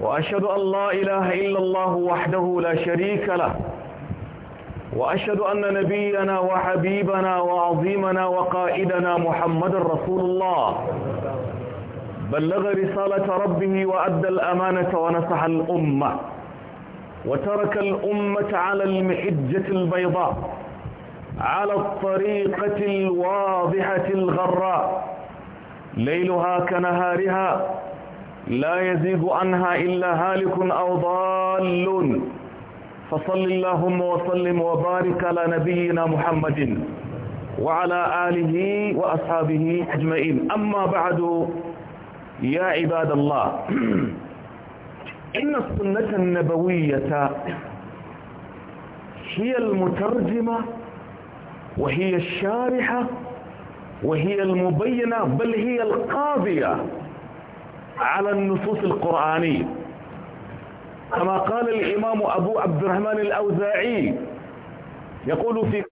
وأشهد أن لا إله إلا الله وحده لا شريك له وأشهد أن نبينا وحبيبنا وعظيمنا وقائدنا محمد رسول الله بلغ رسالة ربه وأدى الأمانة ونصح الأمة وترك الأمة على المحجة البيضاء على الطريقة الواضحة الغراء ليلها كنهارها لا يزيغ عنها إلا هالك أو ضال فصل اللهم وسلم وبارك على نبينا محمد وعلى آله وأصحابه أجمعين أما بعد يا عباد الله إن السنة النبوية هي المترجمة وهي الشارحة وهي المبينة بل هي القاضية على النصوص القرآنية كما قال الإمام أبو عبد الرحمن الأوزاعي يقول في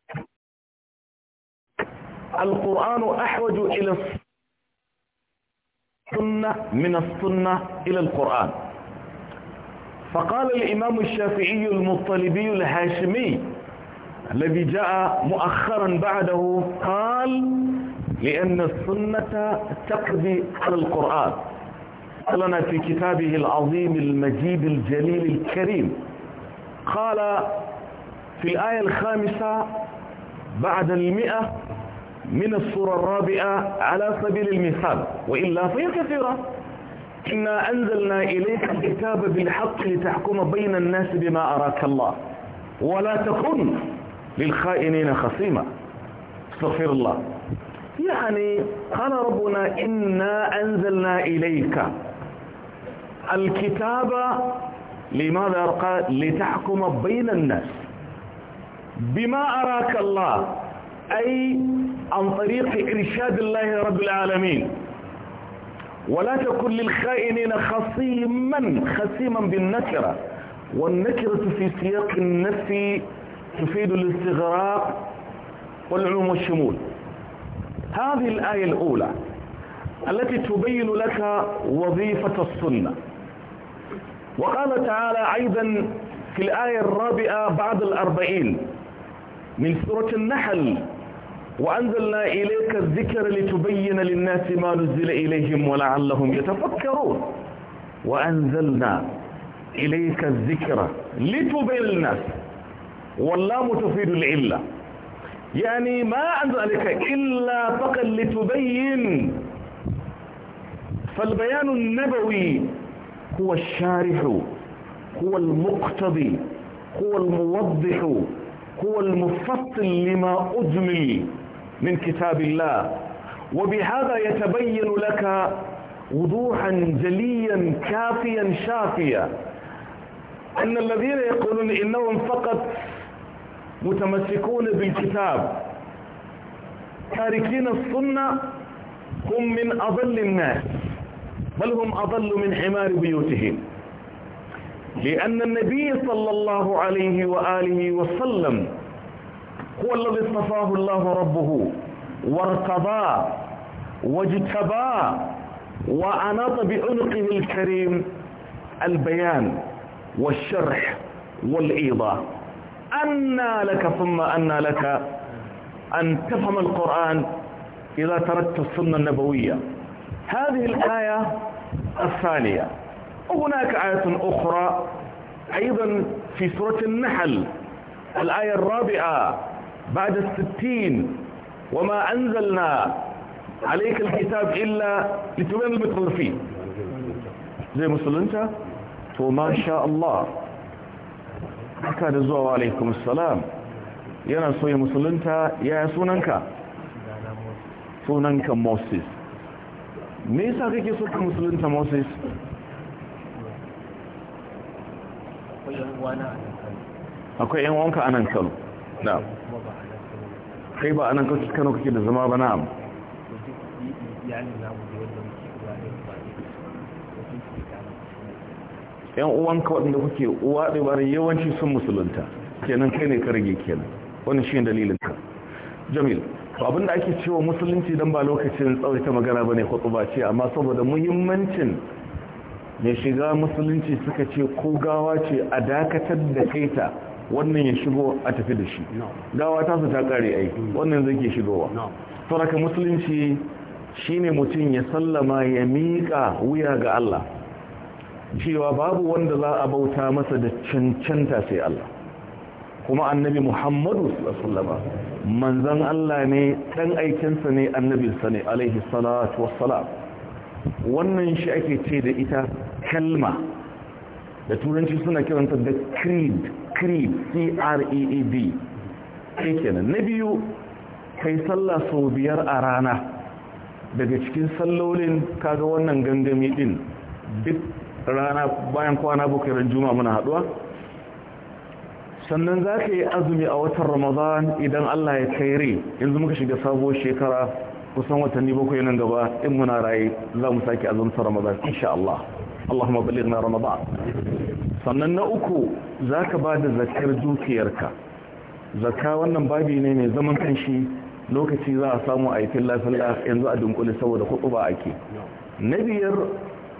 القرآن أحوج إلى السنة من السنة إلى القرآن فقال الإمام الشافعي المطلبي الهاشمي الذي جاء مؤخرا بعده قال لأن السنة تقضي على القرآن لنا في كتابه العظيم المجيد الجليل الكريم قال في الآية الخامسة بعد المئة من السورة الرابعة على سبيل المثال وإلا فهي كثيرة إنا أنزلنا إليك الكتاب بالحق لتحكم بين الناس بما أراك الله ولا تكن للخائنين خصيما استغفر الله يعني قال ربنا إنا أنزلنا إليك الكتابة لماذا قال لتحكم بين الناس بما أراك الله أي عن طريق إرشاد الله رب العالمين ولا تكن للخائنين خصيما خصيما بالنكرة والنكرة في سياق النفي تفيد الاستغراق والعلوم والشمول هذه الآية الأولى التي تبين لك وظيفة السنة وقال تعالى أيضا في الآية الرابعة بعد الأربعين من سورة النحل وأنزلنا إليك الذكر لتبين للناس ما نزل إليهم ولعلهم يتفكرون وأنزلنا إليك الذكر لتبين للناس واللام تفيد العلة يعني ما أنزل عليك إلا فقط لتبين فالبيان النبوي هو الشارح هو المقتضي هو الموضح هو المفصل لما أجمل من كتاب الله وبهذا يتبين لك وضوحا جليا كافيا شافيا أن الذين يقولون إنهم فقط متمسكون بالكتاب تاركين السنة هم من أضل الناس بل هم أضل من حمار بيوتهم لأن النبي صلى الله عليه وآله وسلم هو الذي اصطفاه الله ربه وارتضى واجتبى وأناط بعنقه الكريم البيان والشرح والإيضاح أنى لك ثم أنى لك أن تفهم القرآن إذا تركت السنة النبوية هذه الآية الثانية وهناك آية أخرى أيضا في سورة النحل الآية الرابعة بعد الستين وما أنزلنا عليك الكتاب إلا لتبين المتخلفين زي مسلم أنت وما شاء الله كان الزوا عليكم السلام يا so مسلم أنت يا sunanka sunanka موسيس me yasa kake so ka musulunta Moses akwai yan wanka anan Kano na kai ba anan Kano kake da zama ba na? na'am yan uwanka waɗanda kuke uwa da yawanci sun musulunta kenan kai ne ka rage kenan wani shi dalilin ka jamil to abin da ake cewa musulunci dan ba lokacin tsawaita magana bane ba ce amma saboda muhimmancin ne shiga musulunci suka ce ko gawa ce a dakatar da kaita wannan ya shigo a tafi da shi gawa ta su ta kare ai mm. wannan zai ke shigowa sauraka musulunci shine mutum ya sallama ya miƙa wuya ga Allah cewa babu wanda za a bauta masa da cancanta sai Allah kuma annabi Muhammadu sallallahu alaihi wasallam manzan Allah ne ɗan aikinsa ne annabinsa ne alaihi salatu wassalam wannan shi ake ce da ita kalma da turanci suna kiranta da creed creed c-r-e-e-d kenan na biyu kai sallah sau biyar a rana daga cikin sallolin kaga wannan gangami din duk rana bayan kwana ran juma muna haduwa sannan za ka yi azumi a watan ramadan idan allah ya kai rai yanzu muka shiga sabuwar shekara kusan watanni bakwai nan gaba in muna raye za mu sake azumta ramadan insha allah allahumma na ramadan sannan na uku za ka ba da zakar dukiyarka zaka wannan babi ne mai zaman kanshi lokaci za a samu a yi filla yanzu a dunkule saboda kuɗu ba ake na biyar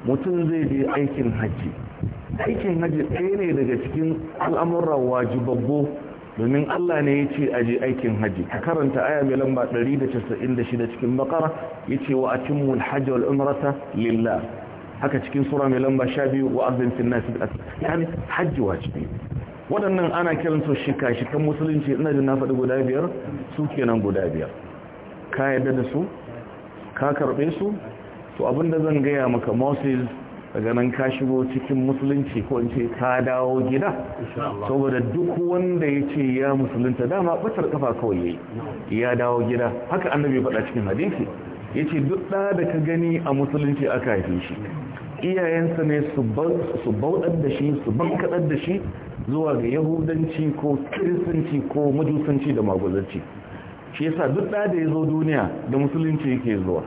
mutum zai je aikin hajji aikin hajji ɗaya ne daga cikin al'amuran wajibabbo domin Allah ne ya ce a je aikin hajji a karanta aya mai lamba 196 cikin bakara ya ce wa a mun hajji wal lilla haka cikin sura mai lamba 12 wa azin nasi da bil ya ne hajji wajibi waɗannan ana kiran su shika shikan musulunci ina jin na faɗi guda biyar su kenan guda biyar ka yadda da su ka karɓe su to abinda zan gaya maka Moses daga nan ka shigo cikin musulunci ko in ka dawo gida saboda duk wanda ya ce ya musulunta dama batar kafa kawai yayi ya dawo gida haka annabi faɗa cikin hadisi yace duk da da ka gani a musulunci aka haife shi iyayensa ne su bauɗar da shi su bankaɗar da shi zuwa ga yahudanci ko kiristanci ko majusanci da Magulanci. shi yasa duk da da ya zo duniya da musulunci yake zuwa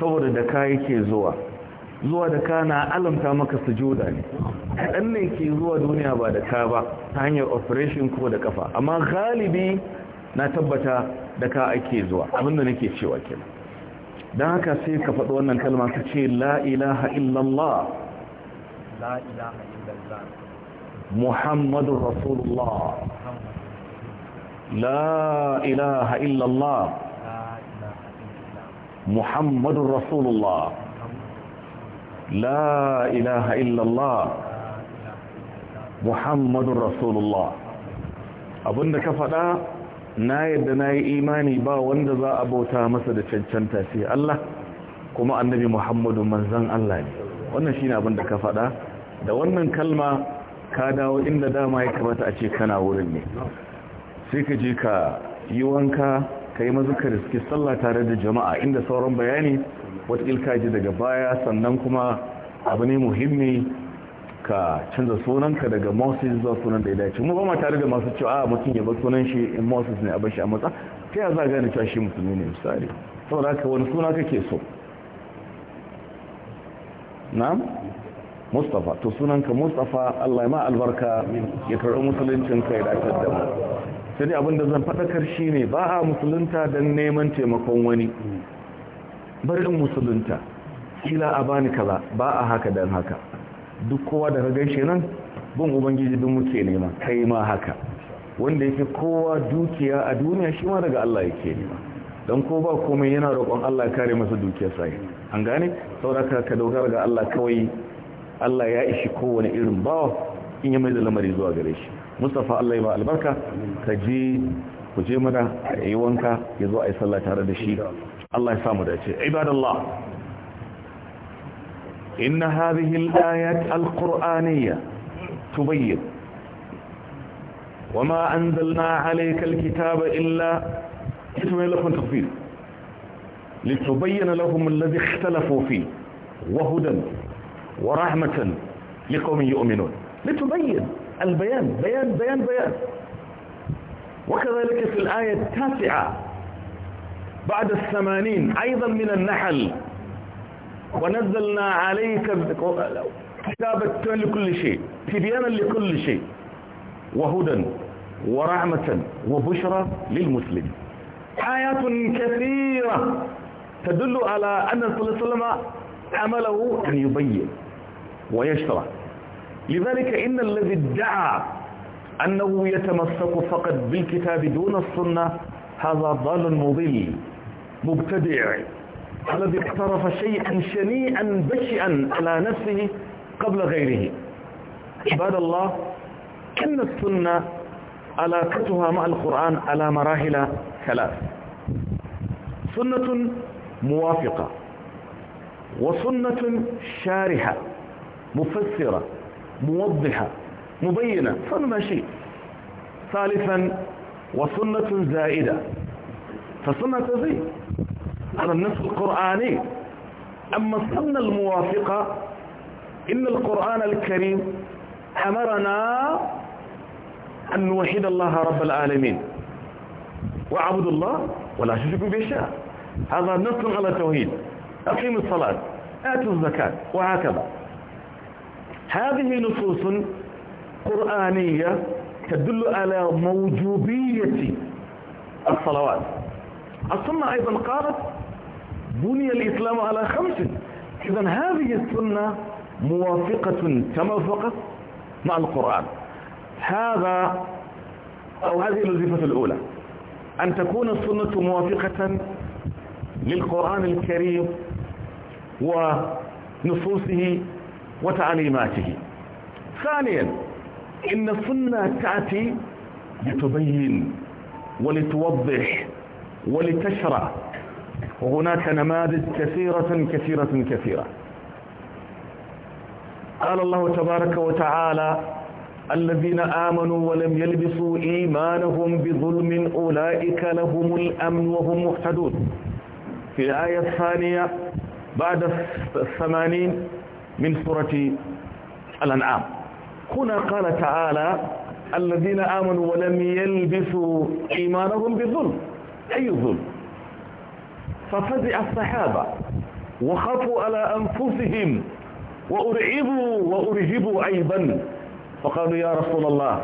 saboda da ka yake zuwa zuwa da ka na alamta maka sujuda ne kaɗan ne ke zuwa duniya ba da ka ba ta hanyar operation ko da kafa amma galibi na tabbata da ka ake zuwa abinda nake cewa kenan don haka sai ka faɗo wannan kalma ka ce la ilaha illallah la illallah muhammadun rasulullah la ilaha illallah muhammadun rasulullah la ilaha illallah muhammadun rasulullah abinda ka faɗa na yadda na yi imani ba wanda za a bauta masa da cancanta sai Allah kuma annabi muhammadun manzan Allah ne wannan shi ne abinda ka faɗa da wannan kalma ka dawo inda dama ya kamata a ce kana wurin ne sai ka je ka yi wanka ka yi mazukar riski sallah tare da jama'a inda sauran bayani watakil ka daga baya sannan kuma abu ne muhimmi ka canza sunanka daga moses zuwa sunan da ya dace mu ba ma tare da masu cewa a ah, mutum ya bar sunan shi in moses ne a bashi a matsa ta yaya za gane cewa shi musulmi ne misali saboda haka wani suna kake so na'am mustapha to sunanka mustapha allah ya ma albarka ya karɓi musuluncin kai da aka dama sai dai abinda zan faɗakar shi ne ba a musulunta don neman taimakon wani barin in musulunta kila a bani kaza ba a haka dan haka duk kowa da gaishe nan bin ubangiji duk muke nema kai ma haka wanda yake kowa dukiya a duniya shi ma daga Allah yake nema dan ko ba komai yana roƙon Allah kare masa dukiyar sai an gane sauraka ka dogara ga Allah kawai Allah ya ishi kowane irin bawa in ya mai da lamari zuwa gare shi Mustapha Allah ya ba albarka ka je ku je mana a yi wanka ya zo a yi sallah tare da shi Allah ya samu عباد الله إن هذه الآيات القرآنية تبين وما أنزلنا عليك الكتاب إلا اسمه لكم تخفيل لتبين لهم الذي اختلفوا فيه وهدى ورحمة لقوم يؤمنون لتبين البيان بيان بيان بيان وكذلك في الآية التاسعة بعد الثمانين أيضا من النحل ونزلنا عليك كتابة لكل شيء تبيانا لكل شيء وهدى ورحمة وبشرى للمسلم آيات كثيرة تدل على أن صلى الله عليه وسلم عمله أن يبين ويشرح لذلك إن الذي ادعى أنه يتمسك فقط بالكتاب دون السنة هذا ضال مضل مبتدع الذي اقترف شيئا شنيعا بشئا على نفسه قبل غيره عباد الله كان السنة علاقتها مع القرآن على مراحل ثلاث سنة موافقة وسنة شارحة مفسرة موضحة مبينة فما شيء ثالثا وسنة زائدة فسنة تزيد على النص القرآني أما السنة الموافقة إن القرآن الكريم أمرنا أن نوحد الله رب العالمين واعبدوا الله ولا تشركوا به هذا نص على التوحيد أقيموا الصلاة آتوا الزكاة وهكذا هذه نصوص قرآنية تدل على موجوبية الصلوات السنة أيضا قالت بني الإسلام على خمس إذا هذه السنة موافقة كما فقط مع القرآن هذا أو هذه الوظيفة الأولى أن تكون السنة موافقة للقرآن الكريم ونصوصه وتعليماته ثانيا إن السنة تأتي لتبين ولتوضح ولتشرع وهناك نماذج كثيرة كثيرة كثيرة قال الله تبارك وتعالى الذين آمنوا ولم يلبسوا إيمانهم بظلم أولئك لهم الأمن وهم محتدون في الآية الثانية بعد الثمانين من سورة الأنعام هنا قال تعالى الذين آمنوا ولم يلبسوا إيمانهم بظلم أي ظلم ففزع الصحابة وخافوا على أنفسهم وأرعبوا وأرهبوا أيضا فقالوا يا رسول الله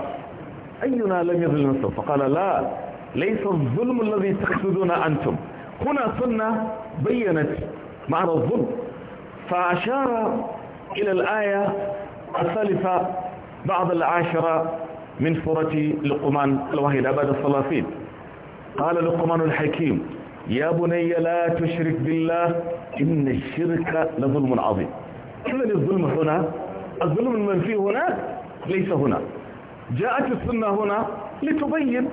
أينا لم يظلم نفسه فقال لا ليس الظلم الذي تقصدون أنتم هنا سنة بينت معنى الظلم فأشار إلى الآية الثالثة بعد العاشرة من سورة لقمان الواحد أباد الثلاثين قال لقمان الحكيم يا بني لا تشرك بالله إن الشرك لظلم عظيم إذن الظلم هنا الظلم المنفي هنا ليس هنا جاءت السنة هنا لتبين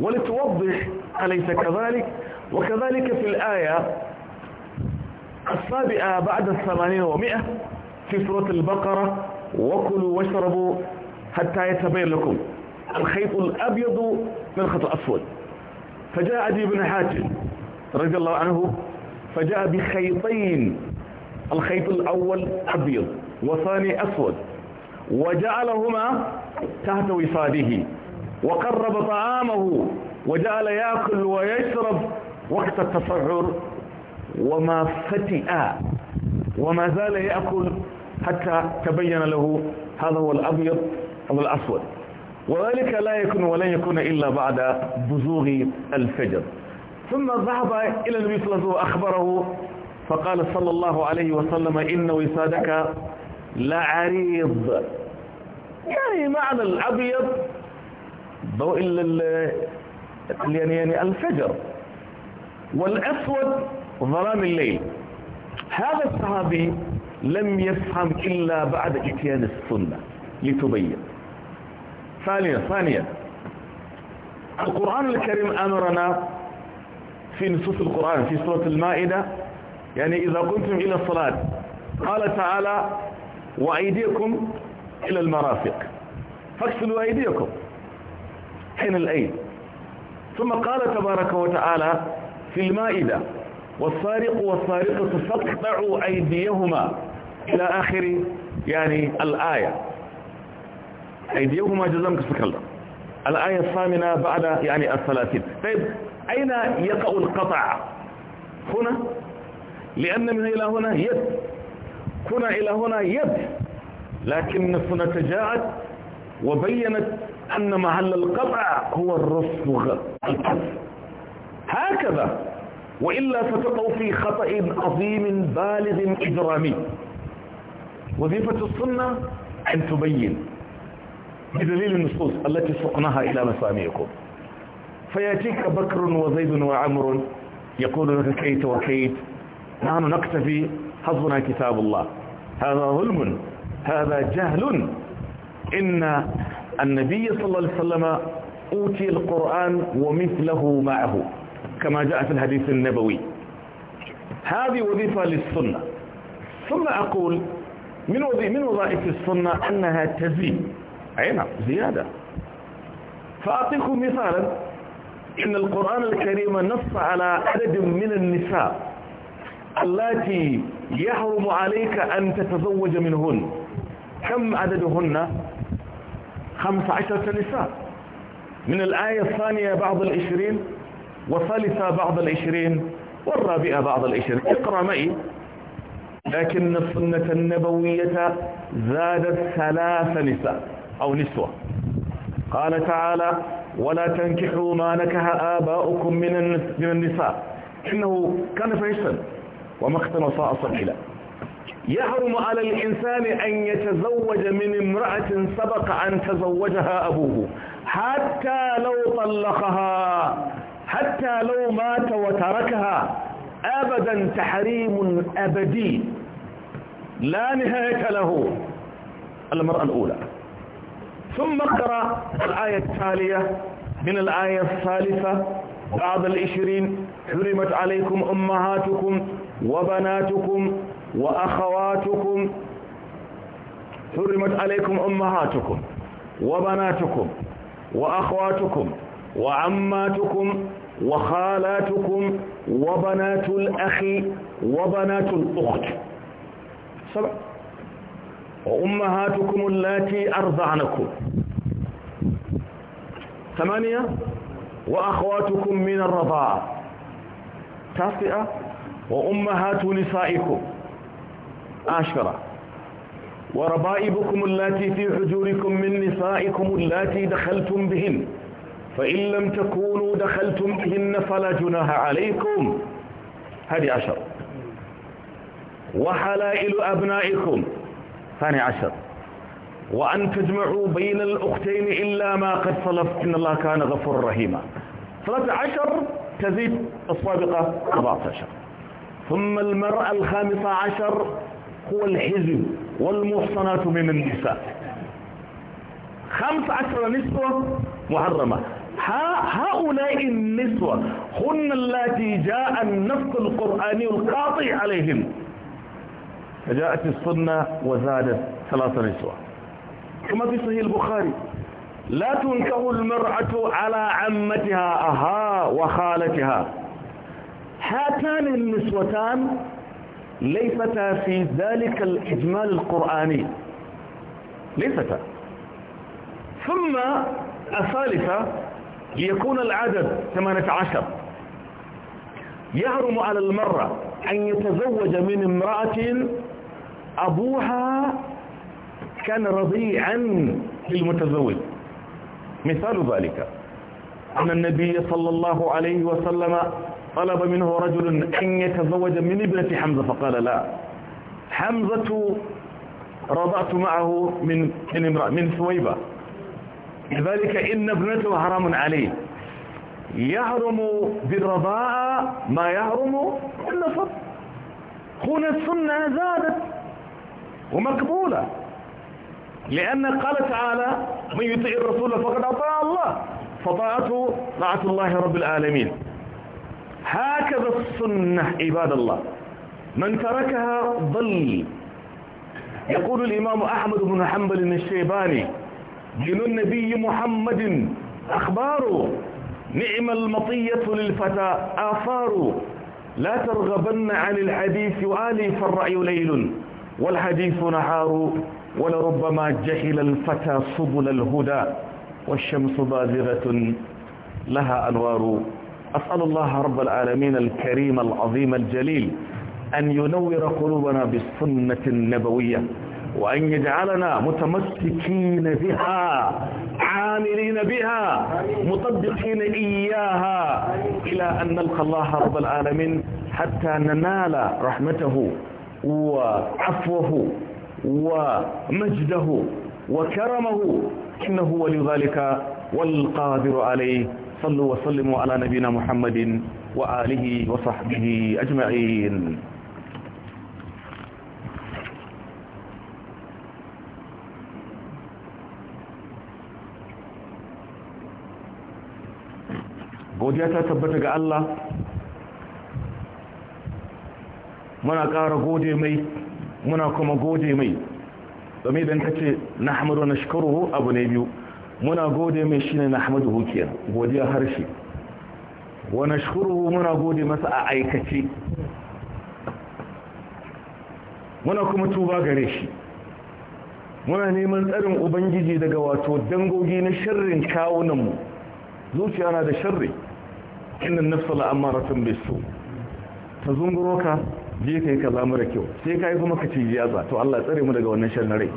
ولتوضح أليس كذلك وكذلك في الآية السابعة بعد الثمانين ومئة في سورة البقرة وكلوا واشربوا حتى يتبين لكم الخيط الأبيض من الخيط الأسود فجاء عدي بن حاتم رضي الله عنه فجاء بخيطين الخيط الأول أبيض والثاني أسود وجعلهما تحت وفاده وقرب طعامه وجعل يأكل ويشرب وقت التصعر وما فتئ وما زال يأكل حتى تبين له هذا هو الأبيض أو الأسود وذلك لا يكون ولن يكون إلا بعد بزوغ الفجر ثم ذهب إلى النبي صلى الله عليه وسلم وأخبره فقال صلى الله عليه وسلم إن وسادك لعريض يعني معنى الأبيض ضوء يعني يعني الفجر والأسود ظلام الليل هذا الصحابي لم يفهم إلا بعد إتيان السنة لتبين ثانيا ثانيا القرآن الكريم أمرنا في نصوص القرآن في سورة المائدة يعني إذا قمتم إلى الصلاة قال تعالى وأيديكم إلى المرافق فاغسلوا أيديكم حين الأيد ثم قال تبارك وتعالى في المائدة والسارق والسارقة فاقطعوا أيديهما إلى آخر يعني الآية أيديهما جزمك سكلا الآية الثامنة بعد يعني الثلاثين طيب أين يقع القطع هنا لأن من إلى هنا يد هنا إلى هنا يد لكن تجاعت وبينت أن محل القطع هو الرسغ هكذا وإلا فتقع في خطأ عظيم بالغ إجرامي وظيفة السنة أن تبين بدليل النصوص التي سقناها إلى مسامعكم فيأتيك بكر وزيد وعمر يقول لك كيت وكيت نحن نكتفي حسبنا كتاب الله هذا ظلم هذا جهل إن النبي صلى الله عليه وسلم أوتي القرآن ومثله معه كما جاء في الحديث النبوي هذه وظيفة للسنة ثم أقول من من وظائف السنة أنها تزيد عينا نعم، زيادة فأعطيكم مثالا إن القرآن الكريم نص على عدد من النساء التي يحرم عليك أن تتزوج منهن كم عددهن خمس عشرة نساء من الآية الثانية بعض العشرين وثالثة بعض العشرين والرابعة بعض العشرين اقرأ معي لكن السنة النبوية زادت ثلاث نساء أو نسوة قال تعالى ولا تنكحوا ما نكح آباؤكم من من النساء إنه كان وما ومقتا وساء سبيلا يحرم على الإنسان أن يتزوج من امرأة سبق أن تزوجها أبوه حتى لو طلقها حتى لو مات وتركها أبدا تحريم أبدي لا نهاية له المرأة الأولى ثم اقرأ الآية التالية من الآية الثالثة بعد العشرين حرمت عليكم أمهاتكم وبناتكم وأخواتكم حرمت عليكم أمهاتكم وبناتكم وأخواتكم وعماتكم وخالاتكم وبنات الأخ وبنات الأخت وأمهاتكم اللاتي أرضعنكم ثمانية وأخواتكم من الرضاعة تاسعة وأمهات نسائكم عشرة وربائبكم اللاتي في حجوركم من نسائكم اللاتي دخلتم بهن فإن لم تكونوا دخلتم بهن فلا جناح عليكم هذه عشرة وحلائل أبنائكم الثاني عشر وأن تجمعوا بين الأختين إلا ما قد صلف إن الله كان غفور رحيما 13 تزيد السابقة 14 ثم المرأة الخامسة عشر هو الحزن والمحصنات من النساء خمس عشر نسوة محرمة هؤلاء النسوة هن التي جاء النص القرآني القاطع عليهم فجاءت السنة وزادت ثلاث نسوة كما في صحيح البخاري لا تنكه المرأة على عمتها أها وخالتها هاتان النسوتان ليستا في ذلك الإجمال القرآني ليستا ثم الثالثة ليكون العدد 18 يحرم على المرأة أن يتزوج من امرأة أبوها كان رضيعا للمتزوج مثال ذلك أن النبي صلى الله عليه وسلم طلب منه رجل أن يتزوج من ابنة حمزة فقال لا حمزة رضعت معه من من امرأة من ثويبة لذلك إن ابنته حرام عليه يحرم بالرضاعة ما يحرم النصب هنا السنة زادت ومقبولة لأن قال تعالى من يطيع الرسول فقد أطاع الله فطاعته طاعة الله رب العالمين هكذا السنة عباد الله من تركها ضل يقول الإمام أحمد بن حنبل الشيباني دين النبي محمد أخباره نعم المطية للفتى آثار لا ترغبن عن الحديث وآلي فالرأي ليل والحديث نهار ولربما جهل الفتى سبل الهدى والشمس بازغة لها أنوار أسأل الله رب العالمين الكريم العظيم الجليل أن ينور قلوبنا بالسنة النبوية وأن يجعلنا متمسكين بها عاملين بها مطبقين إياها إلى أن نلقى الله رب العالمين حتى ننال رحمته وعفوه ومجده وكرمه إنه ولي ذلك والقادر عليه صلوا وسلموا على نبينا محمد وآله وصحبه أجمعين godiya ta tabbata ga Allah muna ƙara gode mai muna kuma gode mai domi idan ta ce na hamadu na shikaru abu ne biyu muna gode mai shi ne na hamadu hukiyar godiya harshe wani shikaru muna gode masa a aikace muna kuma tuba gare shi muna neman tsarin ubangiji daga wato dangogi na shirin kawunanmu zuciya na da shirin inda amma ratun bai so ta zunguro ka je ka kaza mara kyau sai yi kuma ka ci yatsa to Allah tsare mu daga wannan sharrin rai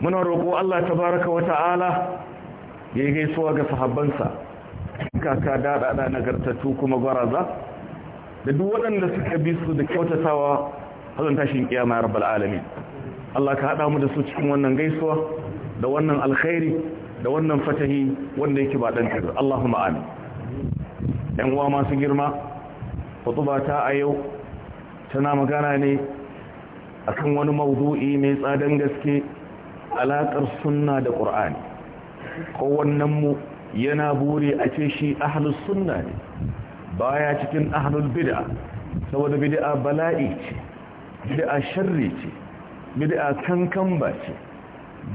muna roƙo Allah tabaraka wa ta'ala ya yi gaisuwa ga sahabbansa kaka daɗaɗa nagartattu kuma gwaraza da duk waɗanda suka bi su da kyautatawa hazan tashin kiyama ya rabbal alamin Allah ka haɗa mu da su cikin wannan gaisuwa da wannan alkhairi da wannan fatahi wanda yake ba ɗan kira Allahumma amin Yan uwa masu girma fatuba ta a yau tana magana ne akan wani maudu’i mai tsadan gaske alaƙar sunna da ƙur'ani kowannen mu yana buri a ce shi ahalus sunna ne baya cikin ahlul bid'a saboda bid'a bala'i ce bid'a sharri ce bid'a kankamba ce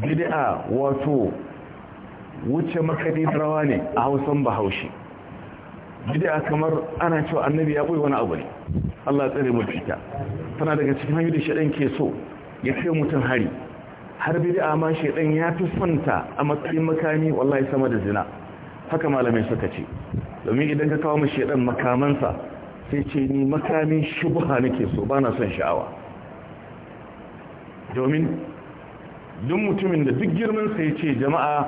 bid'a wato wuce makadin rawa ne a hausan bahaushe bid'a kamar ana cewa annabi ya koyi wani abu ne Allah tsare mu fita tana daga cikin hanyoyin da shedan ke so ya kai mutum hari har bid'a ma shedan ya fi santa a matsayin makami wallahi sama da zina haka malamai suka ce domin idan ka kawo mu shedan makamansa sai ce ni makamin shubha nake so bana son sha'awa domin duk mutumin da duk girman sa yace jama'a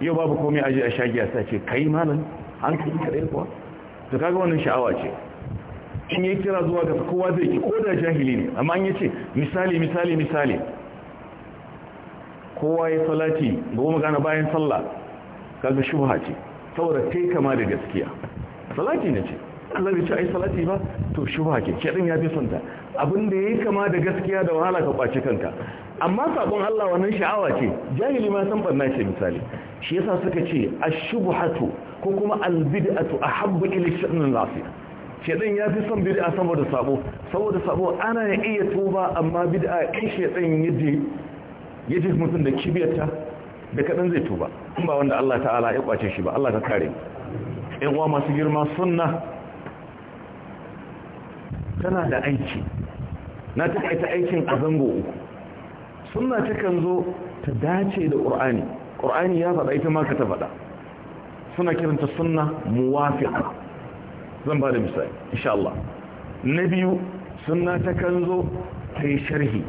yau babu komai aje a shagiya sai ce kai malam hankali kare kuwa to kaga wannan sha'awa ce in yi kira zuwa ga kowa zai ki ko da jahili ne amma an ce misali misali misali kowa ya salati goma gana bayan sallah kaga shubha ce saboda kai kama da gaskiya salati ne ce Allah bai ce ai salati ba to shi ba ke kedin ya fi sunta abin da yake kama da gaskiya da wahala ka kwace kanka amma sabon Allah wannan sha'awa ce jahili ma san banna ce misali shi yasa suka ce ash-shubhatu ko kuma al-bid'atu ahabbu ila sha'nil lafiya shedan ya fi son bid'a saboda sabo saboda sabo ana iya tuba amma bid'a shi shedan yaje yaje mutum da kibiyarta da kadan zai tuba in ba wanda Allah ta'ala ya kwace shi ba Allah ka kare yan uwa masu girma sunna tana da aiki na takaita aikin a zango uku sunna takan zo ta dace da ƙur'ani ƙur'ani ya faɗa ita ma ka ta faɗa suna kiranta sunna muwafiqa zan ba da misali insha na biyu sunna ta zo ta yi sharhi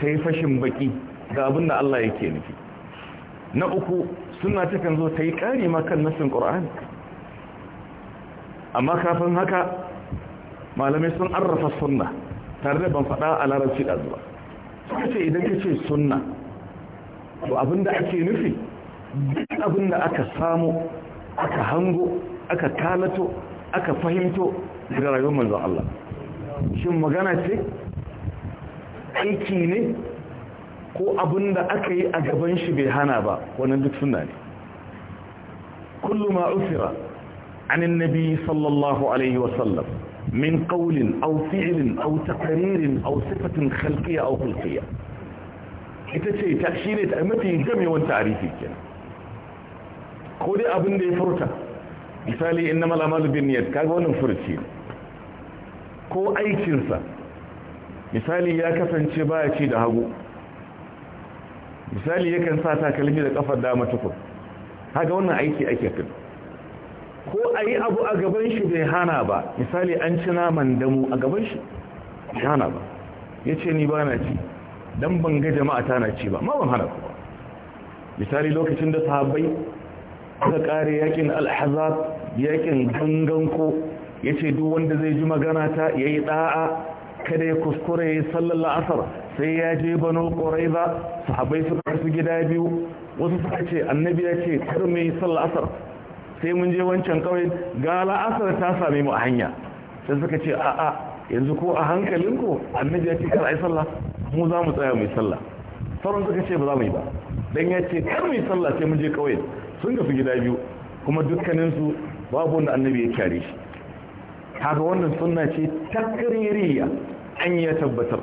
ta yi fashin baƙi ga abin da Allah yake nufi na uku sunna ta kan zo ta yi ƙari makon nasin ƙur'ani amma kafin haka malamai sun arrafa sunna tare da ban faɗa a larabci da zuwa suka ce idan ka ce sunna to abinda ake nufi duk abinda aka samu aka hango aka kalato aka fahimto daga rayuwar manzon Allah shin magana ce aiki ne ko abinda aka yi a gaban shi bai hana ba wannan duk sunna ne kullu ma usira anan nabi sallallahu alaihi wasallam sallam. من قول أو فعل أو تقرير أو صفة خلقية أو خلقية ita ce ta shi ne ta mafi gamewan ko dai abin da ya furta misali inna malamalu bin niyat kaga wannan furci ko aikinsa misali ya kasance baya ci da hagu misali yakan sa takalmi da kafar dama tukur haga wannan aiki ake kai ko a yi abu a gaban shi bai hana ba misali an ci naman damu a gaban shi bai hana ba ya ce ni ba na ci don ban ga jama'a ta na ci ba ma ban hana ku ba misali lokacin da sahabbai aka kare yakin alhazab yakin gangan ko ya ce duk wanda zai ji magana ta ya yi ɗa'a kada ya kuskure ya yi sallar la'asar sai ya je banu ƙorai ba sahabai suka su gida biyu wasu suka ce annabi ya ce kar mai sallar la'asar sai mun je wancan kawai ga la'asar ta same mu a hanya sai suka ce a a yanzu ko a hankalinku annabi ya ce kar ai sallah mu za mu tsaya mu sallah sauran suka ce ba za mu yi ba dan ya ce kar mu yi sallah sai mun je kawai sun gafi gida biyu kuma dukkaninsu babu wanda annabi ya kare shi haka wannan sunna ce takririya an ya tabbatar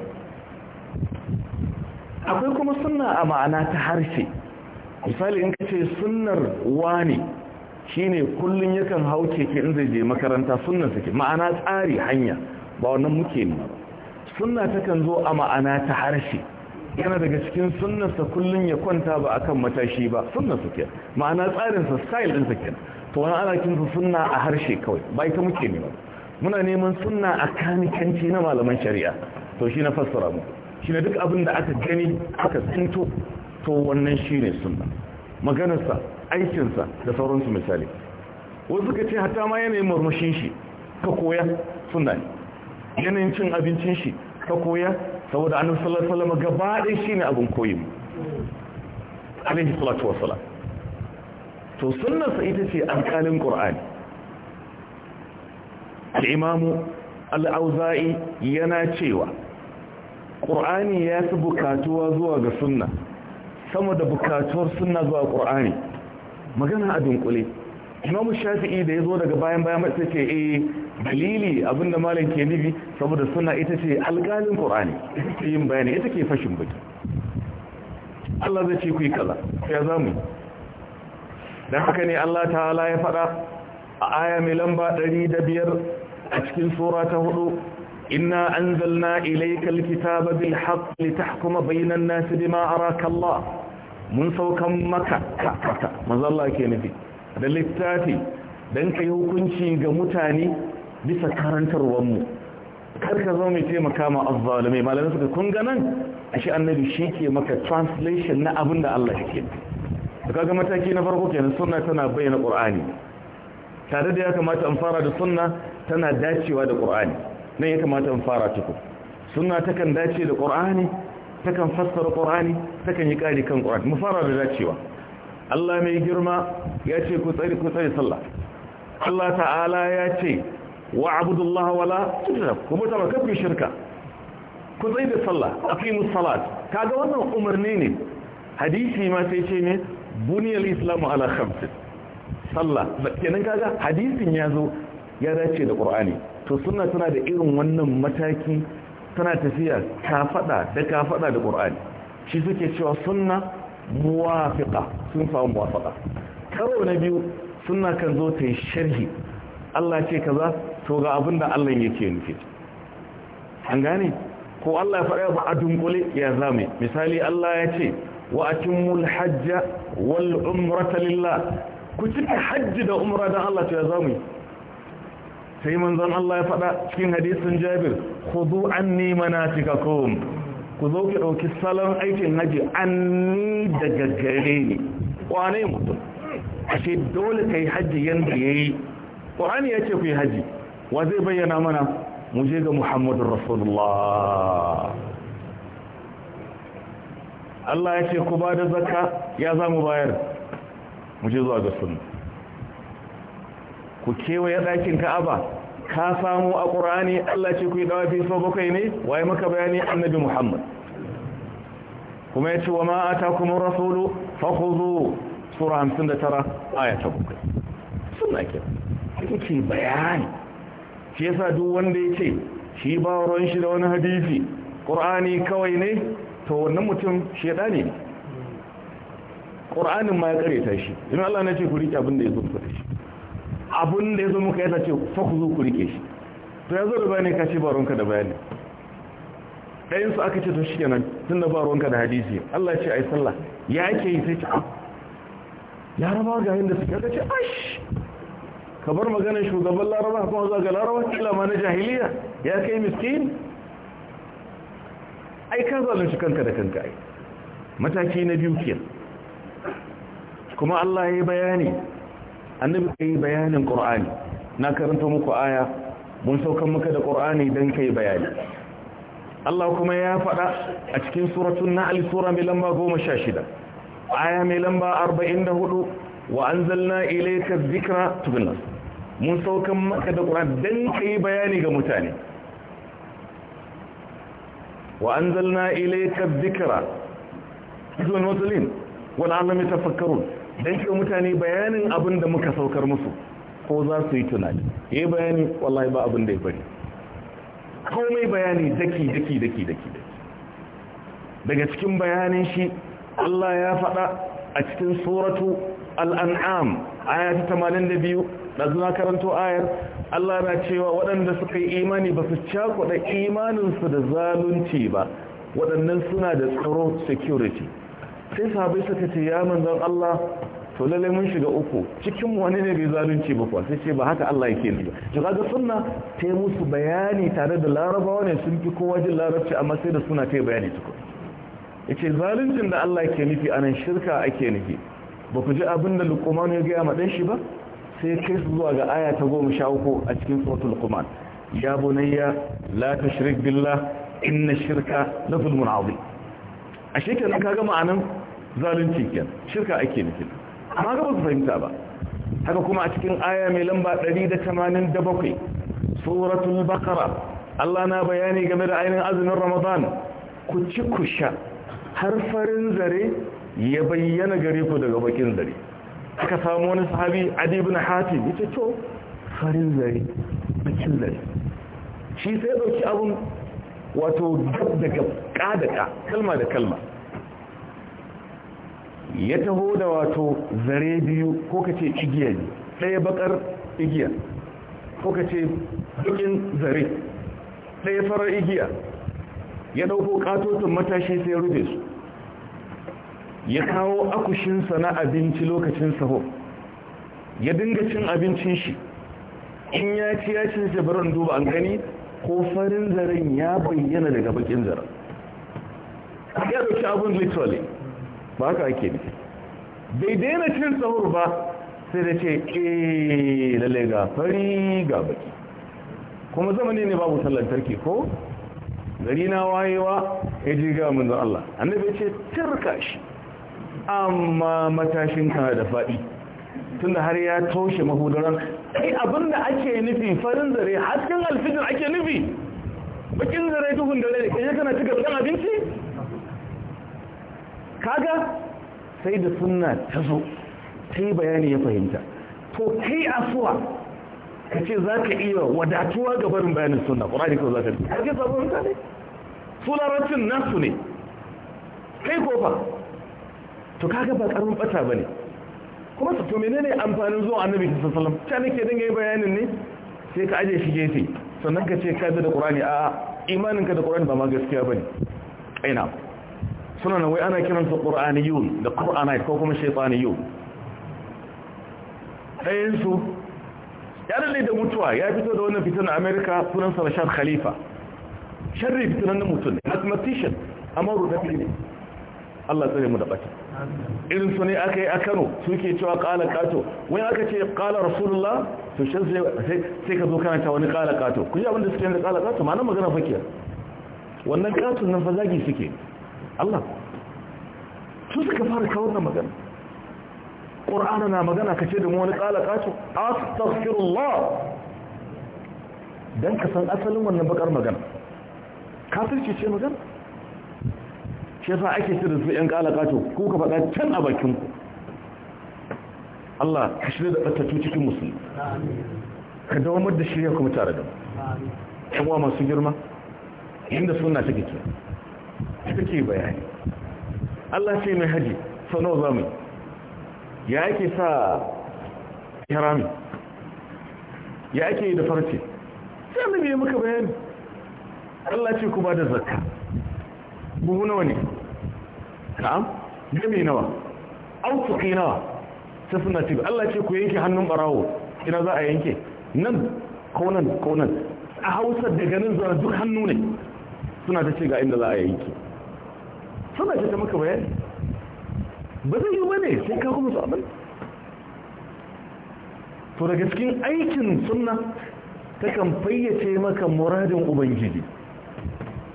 akwai kuma sunna a ma'ana ta harshe misali in ka ce sunnar wani Shi ne kullum yakan hau keke in zai je makaranta suna suke. ma'ana tsari hanya ba wannan muke ne sunna takan zo a ma'ana ta harshe yana daga cikin sunansa kullum ya kwanta ba akan matashi ba suna suke. ma'ana tsarin style din suke. to wani ana kinsa suna a harshe kawai ba ita muke ne ba muna neman suna a kanikanci na malaman shari'a to shi na fassara mu shi ne duk abin da aka gani aka tsinto to wannan shi ne suna. maganarsa aikinsa da sauransu misali wasu suka ce hatta ma yanayin murmushin shi ka koya suna ne yanayin cin abincin shi ka koya saboda annabi sallallahu alaihi wasallam gaba ɗaya shine abin koyi mu. alaihi salatu wassalam to sunnarsa ita ce alƙalin qur'ani al-imamu al yana cewa qur'ani ya fi bukatuwa zuwa ga sunna sama da bukatuwar sunna zuwa qur'ani magana a dunkule imamu shafi'i da ya zo daga bayan bayan mai ce eh dalili abinda malam ke nufi saboda suna ita ce alƙalin qur'ani ita yin bayani ita ke fashin biki Allah zai ce ku yi kaza ya zamu dan haka ne Allah ta'ala ya faɗa a aya mai lamba 105 a cikin sura ta 4 inna anzalna ilaykal kitaba bil haqq litahkuma bayna an bima araka mun saukan maka ka mazalla ke nufi da littafi don ka yi hukunci ga mutane bisa karantarwanmu karka zo mai taimaka ma mai malamai suka kun ganan a shi annabi shi ke maka translation na abin da Allah ke da kaga mataki na farko kenan sunna tana bayyana qur'ani tare da ya kamata an fara da sunna tana dacewa da qur'ani nan ya kamata an fara tuku sunna takan dace da qur'ani takan fassara Qur'ani takan yi ƙari kan Qur'ani mu fara da dacewa Allah mai girma ya ce ku tsari ku tsari sallah Allah ta'ala ya ce wa abudullah wala tudra ku mutu ba kafin shirka ku tsari da sallah aqimus salat kaga wannan umarni ne hadisi ma sai ce ne buniyal islamu ala khams sallah kenan kaga hadisin ya zo ya dace da Qur'ani. to suna tana da irin wannan mataki tana tafiya kafaɗa da ka kafaɗa da ƙur'ani shi suke cewa sunna muwafiƙa, sun samu muwafiƙa. karo na biyu sunna kan zo ta yi sharhi Allah ce kaza to ga abin da Allah yake nufi an gane ko Allah ya faɗa ba a dunkule ya zame misali Allah ya ce wa atimul hajja wal umrata lillah ku cika hajji da umra dan Allah to ya zame sai manzon Allah ya faɗa cikin hadisin Jabir khudhu anni manasikakum ku zo ki dauki salon aikin haji ni daga gare ni wane mutum ashe dole yi haji yanda yayi ya yace ku yi haji wa zai bayyana mana mu je ga Muhammadur Rasulullah Allah ya ce ku ba da zakka ya za mu bayar mu je zuwa ga sunna ku kewaye ɗakin ka'aba ka samu a ƙur'ani Allah ce ku yi dawafi so bakwai ne waye maka bayani annabi Muhammad kuma yace wa ma atakum rasulu fakhudhu sura 59 aya ta 7 sunna ke yake bayani ce yasa duk wanda yace shi ba ruwan shi da wani hadisi ƙur'ani kawai ne to wannan mutum shedani ne ƙur'anin ma ya ta shi in Allah na ce ku rike abin da ya zo ku shi abun da ya zo muka yana ce fakuzu ku rike shi to ya zo da bayani ka ce ba ruwanka da bayani ɗayansu aka ce to shi kenan tun da ba ruwanka da hadisi Allah ce a yi sallah ya ake yi sai ce ya ah, raba ga da suke ka ce ash ka bar magana shugaban laraba kuma zuwa ga laraba kila ma na jahiliya ya kai miskin ai ka zalunci kanka da kanka ai mataki na biyu kenan kuma Allah ya yi bayani annabi kai bayanin qur'ani na karanta muku aya mun saukan maka da qur'ani dan kai bayani Allah kuma ya faɗa a cikin suratul nahl sura mai lamba 16 aya mai lamba 44 wa anzalna ilayka dhikra tubnas mun saukan maka da qur'ani dan kai bayani ga mutane wa anzalna ilayka dhikra tubnas muslim wal alamin tafakkarun dan shi mutane bayanin abin da muka saukar musu ko za su yi tunani ya bayani wallahi ba abin da ya bari komai bayani daki daki daki daki daga cikin bayanin shi Allah ya faɗa a cikin suratu al'an'am aya ta 82 da zuwa karanto ayar Allah na cewa waɗanda suka yi imani ba su cakuɗa imaninsu da zalunci ba waɗannan suna da tsaro security sai sahabai suka ce ya manzon Allah to lalle mun shiga uku cikin wani ne bai zalunci ba kuwa sai ce ba haka Allah yake nufi to kaga sunna tayi musu bayani tare da larabawa ne sun fi kowa jin larabci amma sai da suna ta bayani tukun yace zaluncin da Allah yake nufi anan shirka ake nufi ba ku ji abin da Luqman ya gaya ma dan shi ba sai kai su zuwa ga aya ta 13 a cikin suratul Luqman ya bunayya la tushrik billah inna shirka la zulmun azim ashe kenan kaga ma'anan zalunci ken shirka ake nufi amma ga ba su fahimta ba haka kuma a cikin aya mai lamba 187 suratul baqara Allah na bayani game da ainihin azumin Ramadan ku ci ku sha har farin zare ya bayyana gare ku daga bakin zare aka samu wani sahabi Adi ibn Hatim yace to farin zare bakin zare shi sai dauki abun wato gab da gab ka da ka kalma da kalma ya taho da wato zare biyu ko ka ce igiya ne ɗaya bakar igiya ko ka ce dukin zare ɗaya farar igiya ya ɗauko ƙatotin matashi sai rufe su ya kawo akushinsa na abinci lokacin saho ya dinga cin abincin shi in ya ci ya cin shabarar duba an gani ko farin zaren ya bayyana daga bakin zaren ya ɗauki abin literally ba haka ake ne bai daina cin sahur ba sai da ce ke eh, lalle ga fari ga baki kuma zamani ne babu sallantarki ko gari na wayewa ya ji ga manzon Allah annabi ya ce tarka shi amma matashin ka da faɗi tunda har ya toshe mahudaran ai abinda ake nufi farin zare hasken alfijir ake nufi bakin zare duhun dare ne kai kana cikin abinci kaga sai da sunna ta zo ta yi bayani ya fahimta to kai asuwa ka ce za ka iya wadatuwa ga barin bayanin sunna ƙwararri ko za ka ce ake sabon mutane su larabcin nasu ne kai kofa to kaga ba ƙarfin ɓata ba ne kuma to ne amfanin zuwa annabi ta sassalam ta nake dinga yi bayanin ne sai ka aje shi gefe sannan ka ce ka da ƙwararri a imaninka da ƙwararri ba ma gaskiya ba ƙaina ba suna na wai ana kiransa ƙur'aniyun da ƙur'anai ko kuma Ayin ɗayensu ya dalle da mutuwa ya fito da wannan fitan amerika sunansa rashad khalifa sharri fitanan na mutum ne mathematician amma rudafi ne allah tsare mu da ɓata irin su ne aka yi a kano suke cewa ƙala ƙato wani aka ce ƙala rasulullah to shan sai ka zo kana ta wani ƙala ƙato ku ji abin da suke yin da ƙala ƙato ma magana fakiyar wannan ƙaton nan fa zagi suke Allah su suka fara kawar da magana ƙor'ana na magana kace da wani ƙala ƙato astaghfirullah don ka san asalin wannan bakar magana kafirci ce magana shi sa ake shirya da su yan ƙala ƙato ko ka faɗa can a bakin ku Allah ka shirya da ɓattatu cikin musulmi ka dawamar da shirya kuma tare da mu ƴan uwa masu girma inda suna take kenan ita ce bayani Allah ce mai haji sanau zamu ya ake sa kirami ya ake da farce sai annabi ya muka bayani Allah ce ku ba da zakka buhu nawa ne Ka'am, gami nawa autuki nawa suna ce Allah ce ku yanke hannun barawo ina za a yanke nan kaunan kaunan a hausar da ganin zuwa duk hannu ne suna ta ce ga inda za a yanki suna ce ta maka bayani ba zai yi wane sai ka kuma su abin to daga cikin aikin suna ta kan fayyace maka muradin ubangiji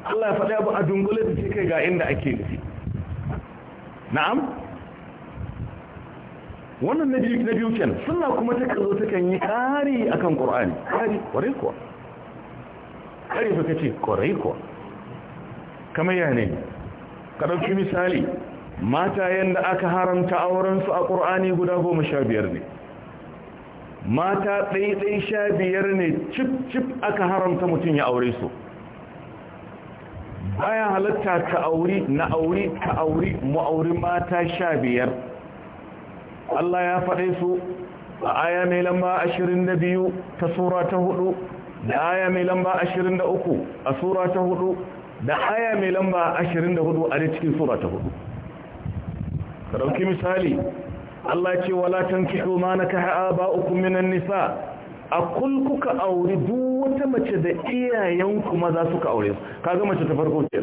Allah ya faɗa abu a dungule da ce kai ga inda ake nufi na'am wannan na biyu na biyu kenan kuma ta kazo ta kan yi kari akan qur'ani kari kwarai kuwa kare fa ce kwarai kuwa kamar ya ne ka ɗauki misali mata yadda aka haramta aurensu a ƙur'ani guda goma sha biyar ne mata ɗaiɗai sha biyar ne cip-cip aka haramta mutum ya aure su baya halatta ka auri na auri ka auri mu'auri mata sha biyar Allah ya faɗe su a aya mai lamba ashirin da biyu ta sura ta hudu da aya mai lamba ashirin da uku a sura ta hudu da aya mai lamba 24 a cikin sura ta hudu ka dauki misali Allah ce wala tankihu ma nakaha aba'ukum minan nisa akul kuka aure duk wata mace da iyayenku maza suka aure su kaga mace ta farko ce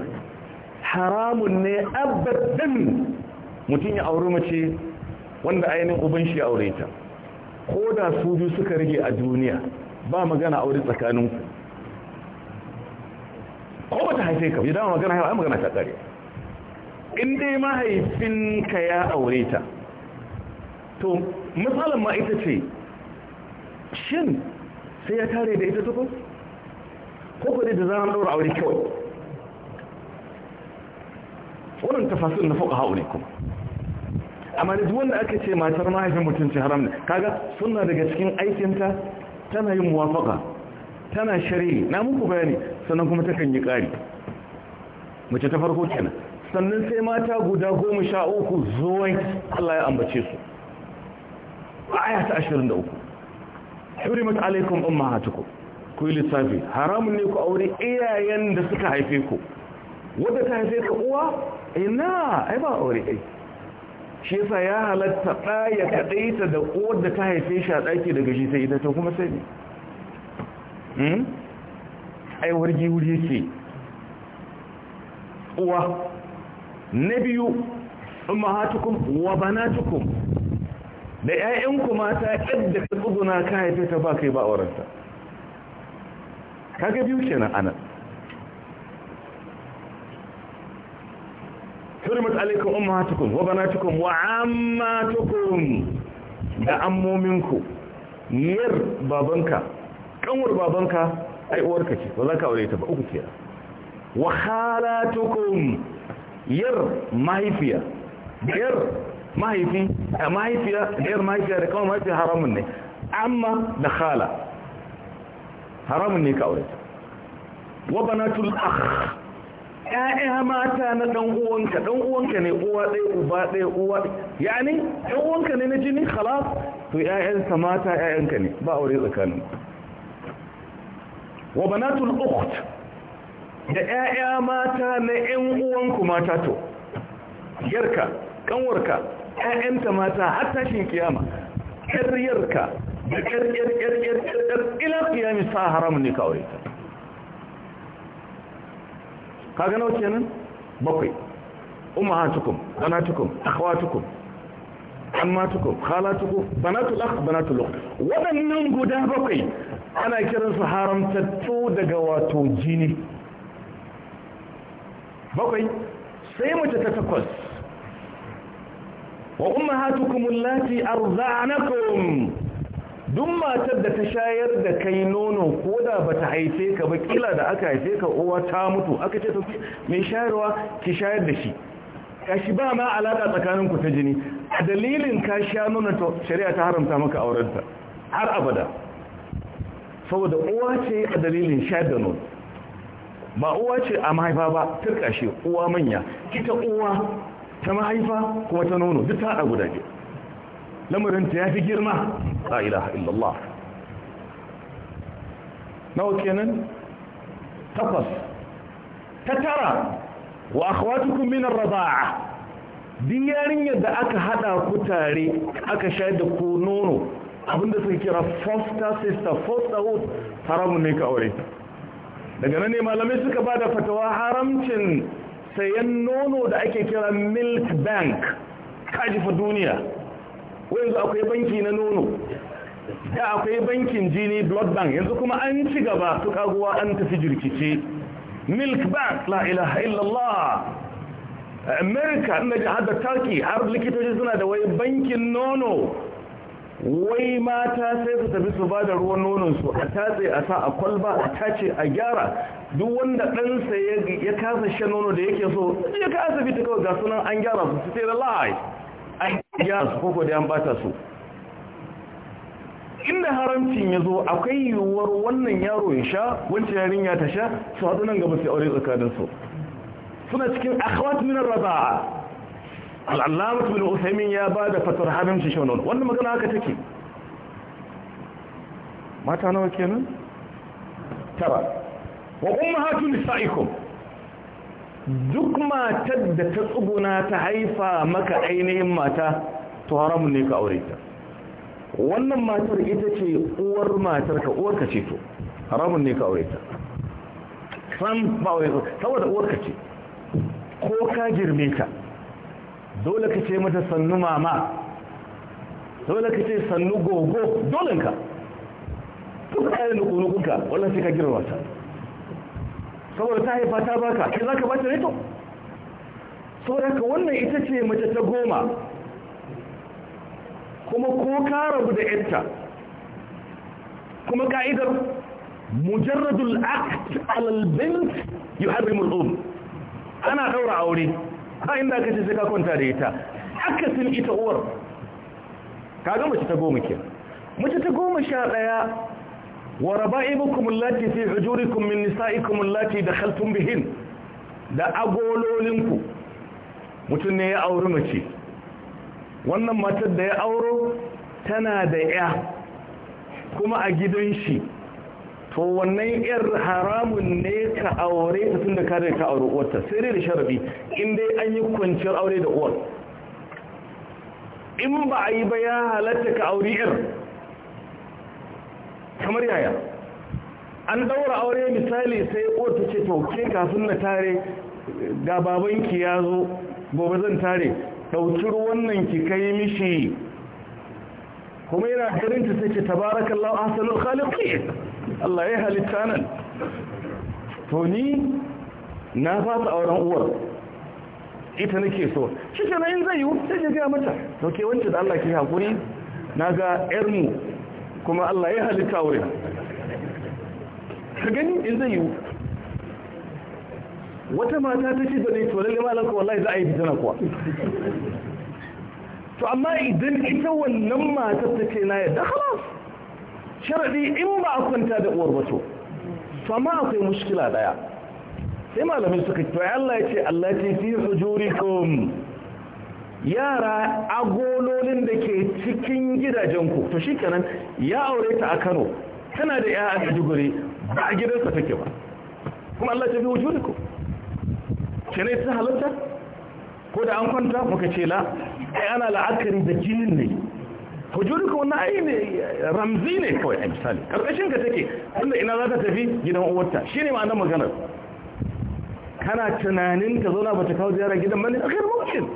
haramun ne abadan mutum ya aure mace wanda ainihin uban shi aure ta ko da su biyu suka rage a duniya ba magana aure tsakaninku ko ta haife ka dama magana haifar magana ta kare in dai mahaifinka ya aure ta to matsalan ma ita ce shin sai ya tare da ita tukun ko kudi da zanen daura aure kawai wannan tafasil na fuka haure kuma amma da wanda aka ce matar mahaifin mutum ce haram ne kaga suna daga cikin aikinta tana yin muwafaka tana shari'i na muku bayani sannan kuma takan yi ƙari mace ta farko kenan sannan sai mata guda goma sha uku zuwai Allah ya ambace su aya ta mata alaikun alaikum hatuku ku yi lissafi haramun ne ku aure iyayen da suka haife ku wadda ta haife ka uwa ina ai ba aure ai shi yasa ya halatta ɗaya kaɗaita da uwar da ta haife shi a ɗaki daga shi sai ita to kuma sai ne Hmm? ai wargi wuri ce uwa na biyu mahatukum wa banatukum da ƴaƴanku mata yadda ka tsuguna ka haife ta ba kai ba aurensa kaga biyu kenan anan hurmat alaikum ummahatukum wa banatukum wa ammatukum da ammominku yar babanka kanwar babanka ai uwarka ce ba za ka aure ta ba uku kenan wa khalatukum yar mahaifiya yar mahaifi a mahaifiya da yar mahaifiya da kawai mahaifiya haramun ne amma da khala haramun ne ka aure ta wa banatul akh ƴaƴa mata na dan uwanka dan uwanka ne uwa ɗaya uba ɗaya uwa yani dan uwanka ne na jini khalas to ƴaƴansa mata ƴaƴanka ne ba aure tsakanin wa banatul ukht da ƴaƴa mata na ƴan uwanku mata to yarka kanwarka ƴaƴanta mata har tashin kiyama ƙaryarka da ƙaryar ila kiyami sa haramun ne kawai ka nawa kenan bakwai ummahatukum banatukum akhawatukum ammatukum khalatukum banatul akh banatul ukh wadannan guda bakwai ana kiransu haramtattu daga wato jini bakwai sai mace ta takwas wa ummahatukum allati arda'anakum duk matar da ta shayar da kai nono ko da ba ta haife ka ba kila da aka haife ka uwa ta mutu aka ce mai shayarwa ki shayar da shi shi ba ma alaka tsakanin ku ta jini a dalilin ka sha nuna shari'a ta haramta maka aurenta har abada saboda uwa ce a dalilin sha da ba uwa ce a mahaifa ba turka shi uwa manya ita uwa ta mahaifa kuma ta nono duk ta haɗa guda ke lamarinta ya fi girma a ilaha illallah nawa kenan takwas ta tara wa akwatukun minar raba'a duk yarinyar da aka hada ku tare aka shayar da ku nono abinda suka kira foster sister hood haramun ne ka aure daga nan ne malamai suka ba da fatawa haramcin sayan nono da ake kira milk bank kajifa duniya yanzu akwai banki na nono da akwai bankin jini blood bank yanzu kuma an ci gaba su kaguwa an tafi jirkice milk bank la ilaha illallah america inda ji har da turkey har likitoci suna da wai bankin nono wai mata sai su tafi su bada da ruwan nononsu a tatse a sa a kwalba a tace a gyara duk wanda ɗansa ya kasa shan nono da yake so ya ka asibiti kawai ga sunan an gyara su sai da lahai an gyara su koko da an bata su inda haramcin ya zo akwai yiwuwar wannan yaro ya sha wancan yarinya ta sha su haɗu nan gaba sai aure tsakaninsu suna cikin akhwat min ar-radaa al-allama ibn uthaymin ya bada fatar habim shi shonon wannan magana haka take mata nawa kenan tara wa ummahatu nisaikum duk matar da ta tsuguna ta haifa maka ainihin mata to haramun ne ka aure ta wannan matar ita ce uwar matar ka uwar ka ce to haramun ne ka aure ta san ba wai saboda uwar ka ce ko ka girme ta dole ka ce mata sannu mama dole ka ce sannu gogo ka duk kayan kuka wannan sai ka girma ta saboda ta haifa ta baka kai za ka ba ta rito saboda ka wannan ita ce mace ta goma kuma ko ka rabu da yanta kuma ka'idar mujarradul akt alal bint yuharrimul um ana ɗaura aure ba inda aka ce sai ka kwanta da ita sun ita uwar Ka ga mace ta goma ke mace ta goma sha daya wa raba'ibukum allati fi hujurikum min nisa'ikum allati dakhaltum bihin da agololinku mutum ne ya auri mace wannan matar da ya auro tana da ya kuma a gidan shi to wannan yar haramun ne ka aure ta tunda da kare ka aure uwarta sai dai da sharabi in dai an yi kwanciyar aure da uwar in ba a yi ba ya halatta ka aure yar kamar yaya an daura aure misali sai uwar ta ce to ke kafin na tare ga babanki ya zo gobe zan tare ɗauki wannan ki kai mishi kuma yana garin ta sai ce tabarakallahu ahsanul khaliqin Allah ya halitta nan to ni na fasa auren uwar ita nake so shi ke in zai yi sai ya gaya mata to ke wanda da Allah ke hakuri na ga mu kuma Allah ya halitta wurin ka gani in zai yi wata mata ta ce da ne to lalle malam ko wallahi za a yi fitina kuwa to amma idan ita wannan mata ta ce na yadda khalas sharadi in ba a kwanta da uwar ba to amma akwai mushkila daya sai malamai suka to Allah ya ce allati fi hujurikum yara agololin da ke cikin gidajenku to shikenan ya aure ta a Kano tana da ya a Maiduguri ba a gidansa take ba kuma Allah ya fi hujurikum ce ne ta halatta ko da an kwanta muka ce la ai ana la'akari da jinin ne hujurka wannan na ne ramzi ne kawai a misali ƙarƙashin ka take wanda ina za ta tafi gidan uwarta shine ma'anar maganar kana tunanin ka zauna ta kawo ziyara gidan mani a kai mumkin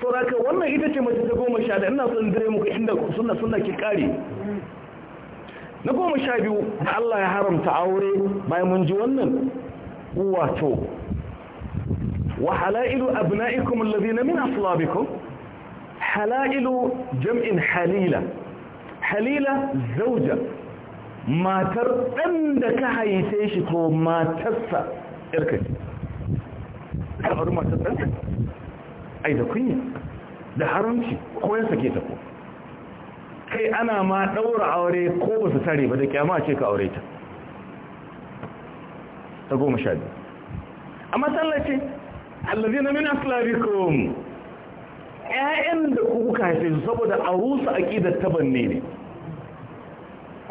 sauraka wannan ita ce mace ta goma sha da ina son dare muku inda suna suna ki kare na goma sha biyu da Allah ya haramta aure bayan mun ji wannan wato wa halailu abna'ikum alladhina min aslabikum halailu jam'in halila halila zauja matar ɗan da ka haife shi ko matarsa yarka ce kamar matar ɗanka ai da kunya da haramci ko ya sake ta ko kai ana ma ɗaura aure ko ba su tare ba da kyama ce ka aure ta ta goma sha biyu amma tallace allazina min aslabikum ƴaƴan da kuka haife saboda a rusa ta taban ne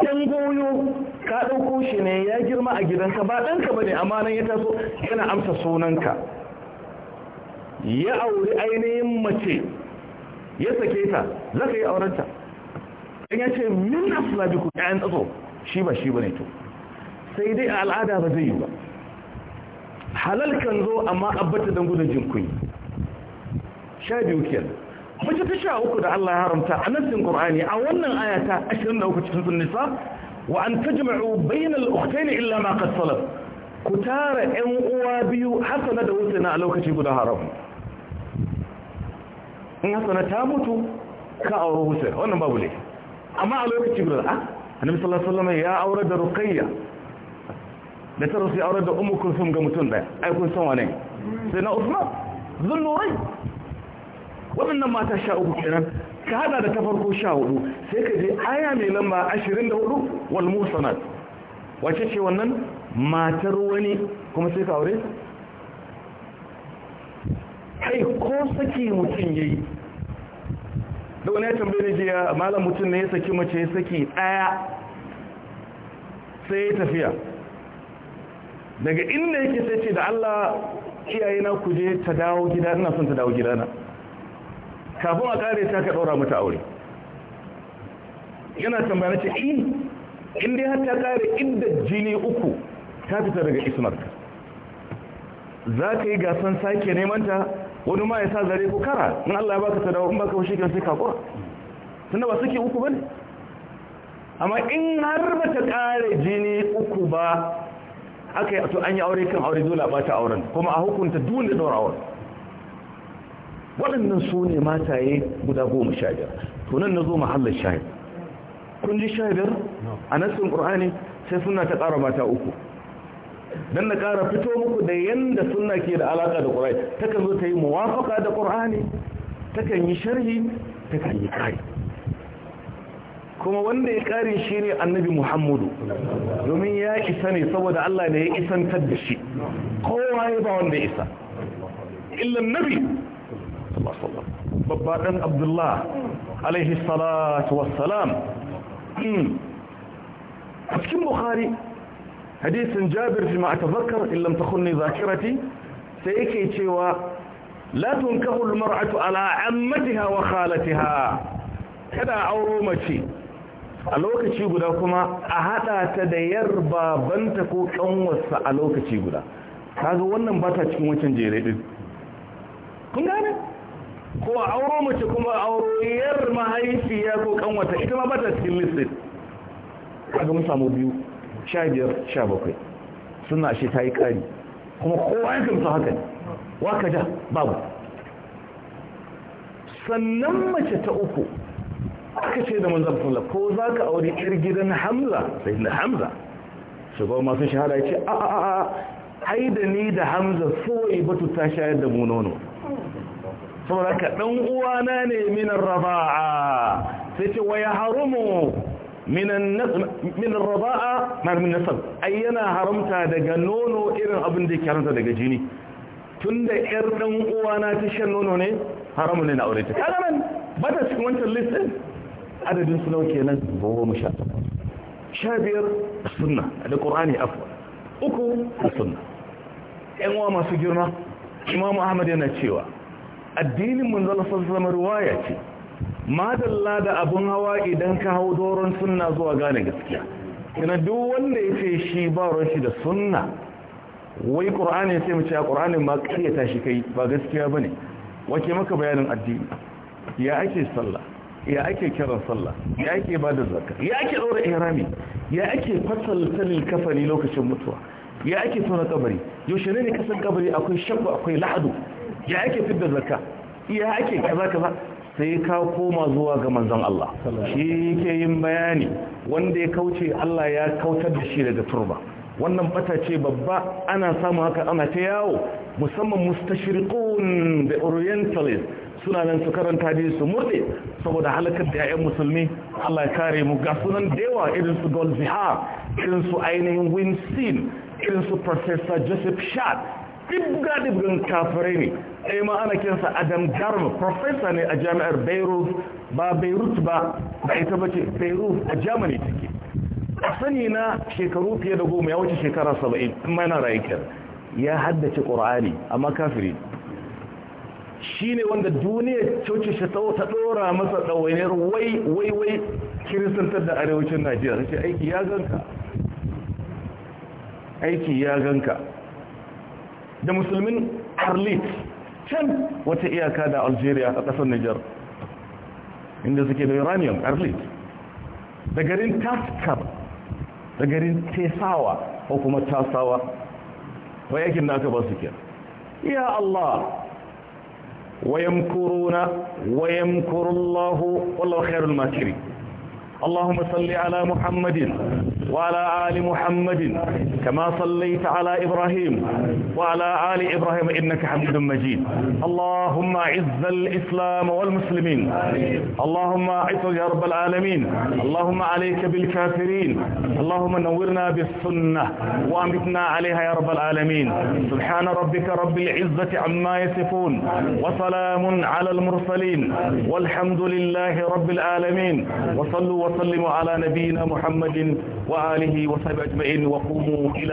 ɗan goyo ka ɗauko shi ne ya girma a gidanka ba ɗanka ba ne amma nan ya taso yana amsa sunanka ya auri ainihin mace ya sake ta za ka yi aurenta ɗan ya ce min asulabi ku ƴaƴan shi ba shi ba ne to sai dai a al'ada ba zai yi ba halal kan zo amma abbata don gudun jin sha biyu kenan mace ta sha uku da Allah ya haramta a nassin Qur'ani a wannan aya ta 23 cikin sunan nisa wa an tajma'u bainal ukhtayn illa ma qad salaf ku tara ƴan uwa biyu hasana da husaina a lokaci guda haram in hasana ta mutu ka aure husaina wannan babu ne amma a lokaci guda a annabi sallallahu alaihi wasallam ya aure da ruqayya da ta rasu ya aure da ummu kulsum ga mutum daya ai kun san wane sai na usman zullurai waɗannan mata sha uku kenan ka hada da ta farko sha hudu sai ka je aya mai lamba ashirin da hudu wal musanat wace ce wannan matar wani kuma sai ka aure kai ko saki mutum ya yi da wani ya tambaye jiya malam mutum ne ya saki mace ya saki ɗaya sai ya tafiya daga inda yake sai ce da Allah kiyayena na ku je ta dawo gida ina son ta dawo gida na kafin a kare ta ka ɗora mata aure yana tambaya ce in in dai har ta kare inda jini uku ta fita daga ismar. za ka yi gasan sake neman ta wani ma ya sa zare ko kara in Allah ya baka ta dawo in baka shi kan sai ka kura tunda ba suke uku bane amma in har ba ta kare jini uku ba aka yi to an yi aure kan aure dole a bata auren kuma a hukunta dole da daura auren waɗannan su ne mataye guda goma sha biyar tunan na zo mahallar shahid kun ji sha biyar a nassin ƙur'ani sai suna ta ƙara mata uku don na ƙara fito muku da yanda suna ke da alaƙa da ƙur'ani ta kan zo ta yi muwafaka da ƙur'ani ta kan yi sharhi ta kan yi ƙari kuma wanda ya ƙari shi ne annabi muhammadu domin ya isa ne saboda allah ne ya isantar da shi kowa ya ba wanda ya isa illan nabi sallallahu alaihi wasallam babba dan abdullah alaihi salatu wassalam cikin bukhari hadisin jabir fi ma atadhakkar in lam takhunni zakirati sai yake cewa la tunkahu almar'atu ala ammatiha wa khalatiha kada auro mace a lokaci guda kuma a hada ta da yar babanta ko kanwarsa a lokaci guda kaga wannan ba ta cikin wancan jere din kun gane ko a auro mace kuma a auro yar mahaifiya ko kanwata ita ma bata cikin listin kaga mun samu biyu sha biyar sha bakwai suna shi ta yi ƙari kuma kowa ya kamsa haka ne waka ja babu sannan mace ta uku aka ce da manzan sallah ko za ka aure yar gidan hamza sai na hamza shugaba masu shahara ya ce a a a ai da ni da hamza soyi batu ta shayar da mu nono saboda dan uwana ne min rabaa sai ce wa yahrumu min min rabaa ma min nasab ai yana haramta daga nono irin abin da yake haramta daga jini tunda yar dan uwana ta shan nono ne haramun ne na aure ta kaga nan ba ta cikin wancan listin adadin su nawa kenan mu sha sha biyar sunna da qur'ani afwa uku sunna Ƴan uwa masu girma imamu ahmad yana cewa addinin Allah sallallahu ruwaya ce madalla da abun hawa idan ka hau doron sunna zuwa gane gaskiya kina duk wanda yace shi ba ruwan shi da sunna wai qur'ani sai mu ce qur'ani ma ta shi kai ba gaskiya bane wace maka bayanin addini ya ake sallah ya ake kiran sallah ya ake bada zakka ya ake dora ihrami ya ake salil kafani lokacin mutuwa ya ake tona kabari yaushe ne kasan kabari akwai shabba akwai la'adu ya ake fidda zaka iya ake kaza kaza sai ka koma zuwa ga manzan Allah shi ke yin bayani wanda ya kauce Allah ya kautar da shi daga turba wannan bata ce babba ana samun haka ana ta yawo musamman mustashriqun da orientalist suna nan su karanta ne su murde saboda halakar da 'ya'yan musulmi Allah ya kare mu ga sunan da yawa irin su Golzihar irin su ainihin Winsin irin su Professor Joseph Shad ɗibga dibgan kafirai ne ɗaya ma'anakinsa adam jarma profesa ne a jami'ar beirut ba beirut ba ba ita ba ce beirut a germany take a sani na shekaru fiye da goma ya wuce shekara saba'in in mana rayuwar ya haddace ƙorani amma kafiri shi ne wanda duniya coci shi ta ɗora masa ɗawainiyar wai wai wai kiristantar da arewacin najeriya sai aiki ya ganka aiki ya ganka da musulmin arlit can wata iyaka da algeria a ƙasar niger inda suke da uranium arlit da garin taskar da garin tesawa ko kuma tasawa wai yakin da aka ba su kiyar ya Allah ويمكرون ويمكر الله والله خير الماكرين اللهم salli ala muhammadin. وعلى آل محمد كما صليت على إبراهيم وعلى آل إبراهيم إنك حميد مجيد اللهم عز الإسلام والمسلمين اللهم عز يا رب العالمين اللهم عليك بالكافرين اللهم نورنا بالسنة وأمتنا عليها يا رب العالمين سبحان ربك رب العزة عما يصفون وسلام على المرسلين والحمد لله رب العالمين وصلوا وسلموا على نبينا محمد وعلى وآله وصحبه أجمعين وقوموا إلى